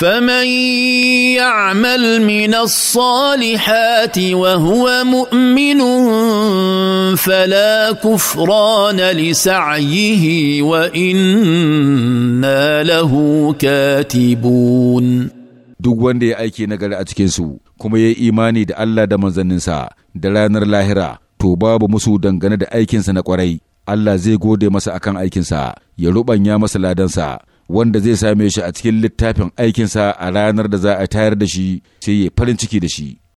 فمن يعمل من الصالحات وهو مؤمن فلا كفران لسعيه وإنا له كاتبون duk wanda ya aiki nagari a cikinsu kuma ya yi imani da Allah da manzanninsa da ranar lahira to babu musu dangane da aikinsa na kwarai Allah zai gode masa akan aikinsa ya ruɓanya masa ladansa wanda zai same shi a cikin littafin aikinsa a ranar da za a tayar da shi sai ya farin ciki da shi.